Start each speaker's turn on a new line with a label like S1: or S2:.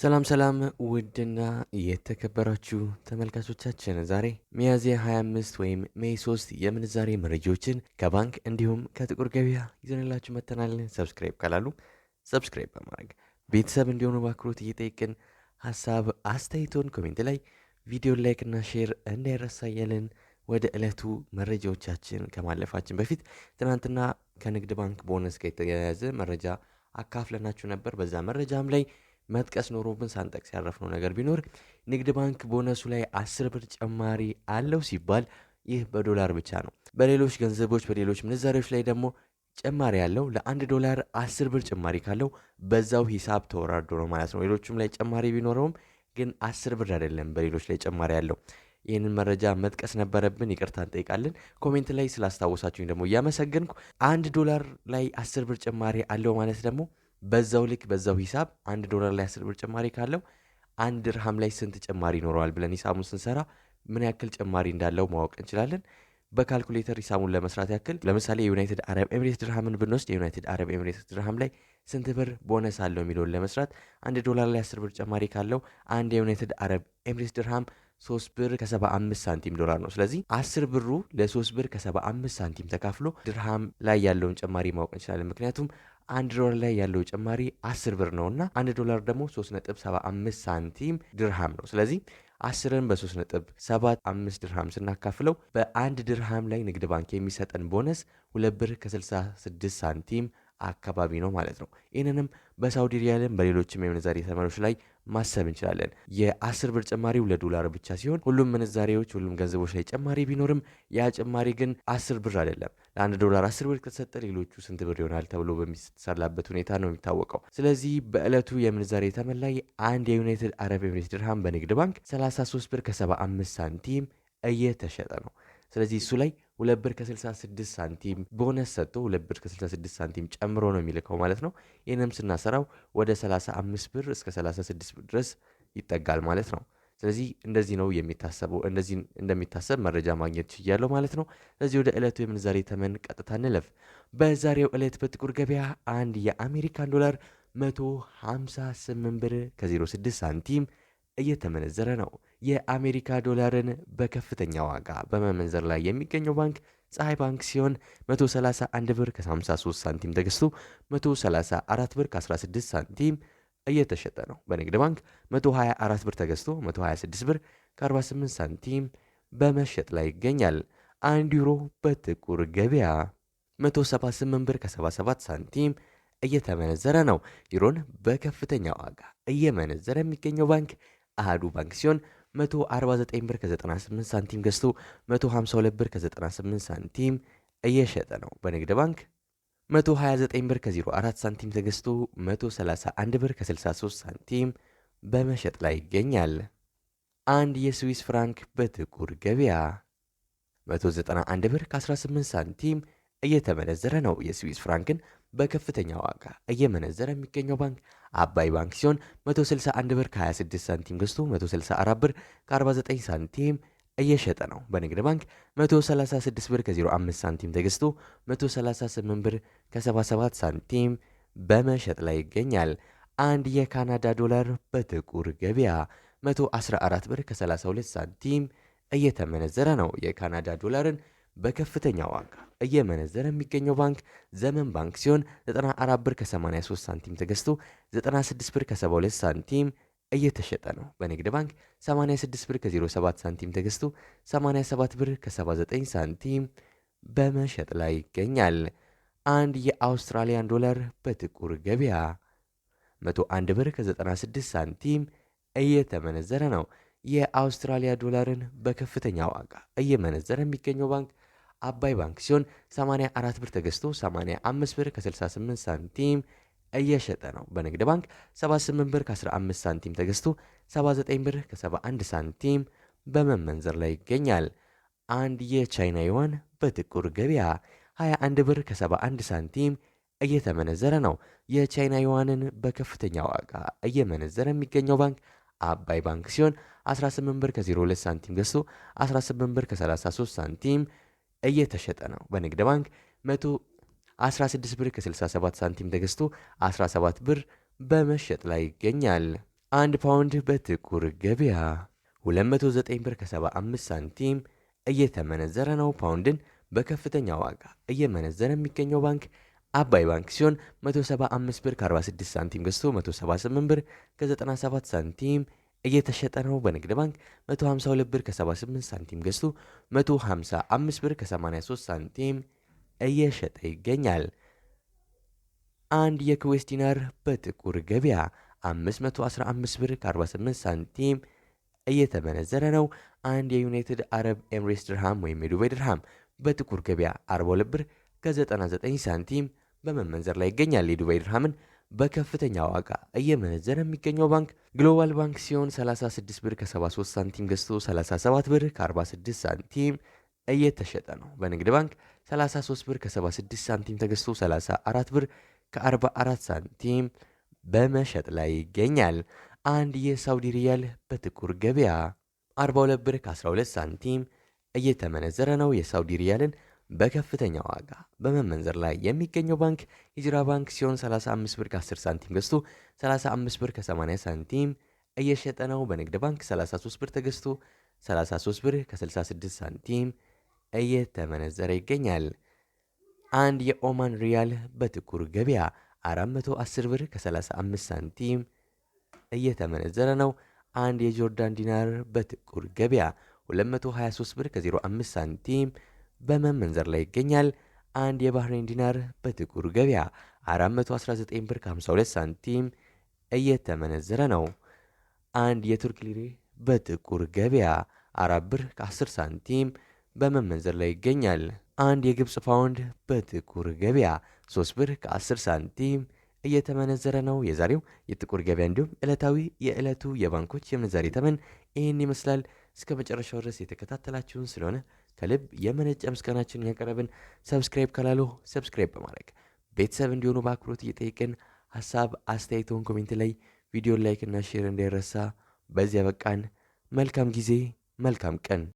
S1: ሰላም ሰላም ውድና የተከበራችሁ ተመልካቾቻችን ዛሬ ሚያዝያ 25 ወይም ሜይ 3 የምንዛሬ መረጃዎችን ከባንክ እንዲሁም ከጥቁር ገበያ ይዘንላችሁ መተናል። ሰብስክራይብ ካላሉ ሰብስክራይብ በማድረግ ቤተሰብ እንዲሆኑ በአክብሮት እየጠየቅን ሀሳብ አስተያየቶን ኮሜንት ላይ ቪዲዮ ላይክና ሼር እንዳይረሳ እያልን ወደ ዕለቱ መረጃዎቻችን ከማለፋችን በፊት ትናንትና ከንግድ ባንክ ቦነስ ጋር የተያያዘ መረጃ አካፍለናችሁ ነበር። በዛ መረጃም ላይ መጥቀስ ኖሮብን ሳንጠቅስ ያረፍነው ነገር ቢኖር ንግድ ባንክ ቦነሱ ላይ አስር ብር ጭማሪ አለው ሲባል ይህ በዶላር ብቻ ነው። በሌሎች ገንዘቦች በሌሎች ምንዛሬዎች ላይ ደግሞ ጭማሪ ያለው ለአንድ ዶላር አስር ብር ጭማሪ ካለው በዛው ሂሳብ ተወራርዶ ነው ማለት ነው። ሌሎችም ላይ ጭማሪ ቢኖረውም ግን አስር ብር አይደለም በሌሎች ላይ ጭማሪ ያለው። ይህንን መረጃ መጥቀስ ነበረብን፣ ይቅርታ እንጠይቃለን። ኮሜንት ላይ ስላስታወሳችሁኝ ደግሞ እያመሰገንኩ አንድ ዶላር ላይ አስር ብር ጭማሪ አለው ማለት ደግሞ በዛው ልክ በዛው ሂሳብ አንድ ዶላር ላይ አስር ብር ጭማሪ ካለው አንድ ድርሃም ላይ ስንት ጭማሪ ይኖረዋል ብለን ሂሳቡን ስንሰራ ምን ያክል ጭማሪ እንዳለው ማወቅ እንችላለን። በካልኩሌተር ሂሳቡን ለመስራት ያክል ለምሳሌ የዩናይትድ አረብ ኤምሬት ድርሃምን ብንወስድ የዩናይትድ አረብ ኤምሬት ድርሃም ላይ ስንት ብር ቦነስ አለው የሚለውን ለመስራት አንድ ዶላር ላይ አስር ብር ጭማሪ ካለው አንድ የዩናይትድ አረብ ኤምሬት ድርሃም ሶስት ብር ከ75 ሳንቲም ዶላር ነው። ስለዚህ 10 ብሩ ለ3 ብር ከ75 ሳንቲም ተካፍሎ ድርሃም ላይ ያለውን ጭማሪ ማወቅ እንችላለን። ምክንያቱም አንድ ዶላር ላይ ያለው ጭማሪ 10 ብር እና አንድ ዶላር ደግሞ 3.75 ሳንቲም ድርሃም ነው። ስለዚህ አስርን በ3 75 ድርሃም ስናካፍለው በአንድ ድርሃም ላይ ንግድ ባንክ የሚሰጠን ቦነስ 2 ብር ከ66 ሳንቲም አካባቢ ነው ማለት ነው። ይህንንም በሳውዲ ሪያልን በሌሎችም የምንዛሬ ተመኖች ላይ ማሰብ እንችላለን። የአስር ብር ጭማሪው ለዶላር ብቻ ሲሆን ሁሉም ምንዛሬዎች ሁሉም ገንዘቦች ላይ ጭማሪ ቢኖርም ያ ጭማሪ ግን አስር ብር አይደለም። ለአንድ ዶላር አስር ብር ከተሰጠ ሌሎቹ ስንት ብር ይሆናል ተብሎ በሚሰላበት ሁኔታ ነው የሚታወቀው። ስለዚህ በዕለቱ የምንዛሬ ተመላይ አንድ የዩናይትድ አረብ ኤምሬት ድርሃም በንግድ ባንክ 33 ብር ከ75 ሳንቲም እየተሸጠ ነው። ስለዚህ እሱ ላይ ሁለት ብር ከ66 ሳንቲም ቦነስ ሰጥቶ ሁለት ብር ከ66 ሳንቲም ጨምሮ ነው የሚልከው ማለት ነው። ይህንም ስናሰራው ወደ 35 ብር እስከ 36 ብር ድረስ ይጠጋል ማለት ነው። ስለዚህ እንደዚህ ነው የሚታሰበው፣ እንደዚህ እንደሚታሰብ መረጃ ማግኘት ችያለሁ ማለት ነው። ስለዚህ ወደ ዕለቱ የምንዛሬ ተመን ቀጥታ እንለፍ። በዛሬው ዕለት በጥቁር ገበያ አንድ የአሜሪካን ዶላር 158 ብር ከ06 ሳንቲም እየተመነዘረ ነው። የአሜሪካ ዶላርን በከፍተኛ ዋጋ በመመንዘር ላይ የሚገኘው ባንክ ፀሐይ ባንክ ሲሆን 131 ብር ከ53 ሳንቲም ተገዝቶ 134 ብር ከ16 ሳንቲም እየተሸጠ ነው። በንግድ ባንክ 124 ብር ተገዝቶ 126 ብር ከ48 ሳንቲም በመሸጥ ላይ ይገኛል። አንድ ዩሮ በጥቁር ገበያ 178 ብር ከ77 ሳንቲም እየተመነዘረ ነው። ዩሮን በከፍተኛ ዋጋ እየመነዘረ የሚገኘው ባንክ አህዱ ባንክ ሲሆን 149 ብር ከ98 ሳንቲም ገዝቶ 152 ብር ከ98 ሳንቲም እየሸጠ ነው። በንግድ ባንክ 129 ብር ከ04 ሳንቲም ተገዝቶ 131 ብር ከ63 ሳንቲም በመሸጥ ላይ ይገኛል። አንድ የስዊስ ፍራንክ በጥቁር ገበያ 191 ብር ከ18 ሳንቲም እየተመነዘረ ነው። የስዊስ ፍራንክን በከፍተኛ ዋጋ እየመነዘረ የሚገኘው ባንክ አባይ ባንክ ሲሆን 161 ብር ከ26 ሳንቲም ገዝቶ 164 ብር ከ49 ሳንቲም እየሸጠ ነው። በንግድ ባንክ 136 ብር ከ05 ሳንቲም ተገዝቶ 138 ብር ከ77 ሳንቲም በመሸጥ ላይ ይገኛል። አንድ የካናዳ ዶላር በጥቁር ገበያ 114 ብር ከ32 ሳንቲም እየተመነዘረ ነው። የካናዳ ዶላርን በከፍተኛ ዋጋ እየመነዘረ የሚገኘው ባንክ ዘመን ባንክ ሲሆን 94 ብር ከ83 ሳንቲም ተገዝቶ 96 ብር ከ72 ሳንቲም እየተሸጠ ነው። በንግድ ባንክ 86 ብር ከ07 ሳንቲም ተገዝቶ 87 ብር ከ79 ሳንቲም በመሸጥ ላይ ይገኛል። አንድ የአውስትራሊያን ዶላር በጥቁር ገበያ 101 ብር ከ96 ሳንቲም እየተመነዘረ ነው። የአውስትራሊያ ዶላርን በከፍተኛ ዋጋ እየመነዘረ የሚገኘው ባንክ አባይ ባንክ ሲሆን 84 ብር ተገዝቶ 85 ብር ከ68 ሳንቲም እየሸጠ ነው። በንግድ ባንክ 78 ብር ከ15 ሳንቲም ተገዝቶ 79 ብር ከ71 ሳንቲም በመመንዘር ላይ ይገኛል። አንድ የቻይና ዩዋን በጥቁር ገበያ 21 ብር ከ71 ሳንቲም እየተመነዘረ ነው። የቻይና ዩዋንን በከፍተኛ ዋጋ እየመነዘረ የሚገኘው ባንክ አባይ ባንክ ሲሆን 18 ብር ከ02 ሳንቲም ገዝቶ 18 ብር ከ33 ሳንቲም እየተሸጠ ነው። በንግድ ባንክ 116 ብር ከ67 ሳንቲም ተገዝቶ 17 ብር በመሸጥ ላይ ይገኛል። አንድ ፓውንድ በጥቁር ገበያ 209 ብር ከ75 ሳንቲም እየተመነዘረ ነው። ፓውንድን በከፍተኛ ዋጋ እየመነዘረ የሚገኘው ባንክ አባይ ባንክ ሲሆን 175 ብር ከ46 ሳንቲም ገዝቶ 178 ብር ከ97 ሳንቲም እየተሸጠ ነው። በንግድ ባንክ 152 ብር ከ78 ሳንቲም ገዝቶ 155 ብር ከ83 ሳንቲም እየሸጠ ይገኛል። አንድ የኩዌስ ዲናር በጥቁር ገበያ 515 ብር ከ48 ሳንቲም እየተመነዘረ ነው። አንድ የዩናይትድ አረብ ኤምሬስ ድርሃም ወይም የዱባይ ድርሃም በጥቁር ገበያ 42 ብር ከ99 ሳንቲም በመመንዘር ላይ ይገኛል። የዱባይ ድርሃምን በከፍተኛ ዋጋ እየመነዘረ የሚገኘው ባንክ ግሎባል ባንክ ሲሆን 36 ብር ከ73 ሳንቲም ገዝቶ 37 ብር ከ46 ሳንቲም እየተሸጠ ነው። በንግድ ባንክ 33 ብር ከ76 ሳንቲም ተገዝቶ 34 ብር ከ44 ሳንቲም በመሸጥ ላይ ይገኛል። አንድ የሳውዲ ሪያል በጥቁር ገበያ 42 ብር ከ12 ሳንቲም እየተመነዘረ ነው። የሳውዲ ሪያልን በከፍተኛ ዋጋ በመመንዘር ላይ የሚገኘው ባንክ ሂጅራ ባንክ ሲሆን 35 ብር ከ10 ሳንቲም ገዝቶ 35 ብር ከ80 ሳንቲም እየሸጠ ነው። በንግድ ባንክ 33 ብር ተገዝቶ 33 ብር ከ66 ሳንቲም እየተመነዘረ ይገኛል። አንድ የኦማን ሪያል በጥቁር ገበያ 410 ብር ከ35 ሳንቲም እየተመነዘረ ነው። አንድ የጆርዳን ዲናር በጥቁር ገበያ 223 ብር ከ05 ሳንቲም በመመንዘር ላይ ይገኛል። አንድ የባህሬን ዲናር በጥቁር ገበያ 419 ብር 52 ሳንቲም እየተመነዘረ ነው። አንድ የቱርክ ሊሬ በጥቁር ገበያ 4 ብር 10 ሳንቲም በመመንዘር ላይ ይገኛል። አንድ የግብፅ ፓውንድ በጥቁር ገበያ 3 ብር 10 ሳንቲም እየተመነዘረ ነው። የዛሬው የጥቁር ገበያ እንዲሁም ዕለታዊ የዕለቱ የባንኮች የምንዛሬ ተመን ይህን ይመስላል። እስከ መጨረሻው ድረስ የተከታተላችሁን ስለሆነ ከልብ የመነጨ ምስጋናችን ያቀረብን። ሰብስክራይብ ካላሉ ሰብስክራይብ በማድረግ ቤተሰብ እንዲሆኑ በአክብሮት እየጠየቅን ሀሳብ አስተያየተውን ኮሜንት ላይ ቪዲዮን ላይክና ሼር እንዳይረሳ። በዚያ በቃን። መልካም ጊዜ፣ መልካም ቀን።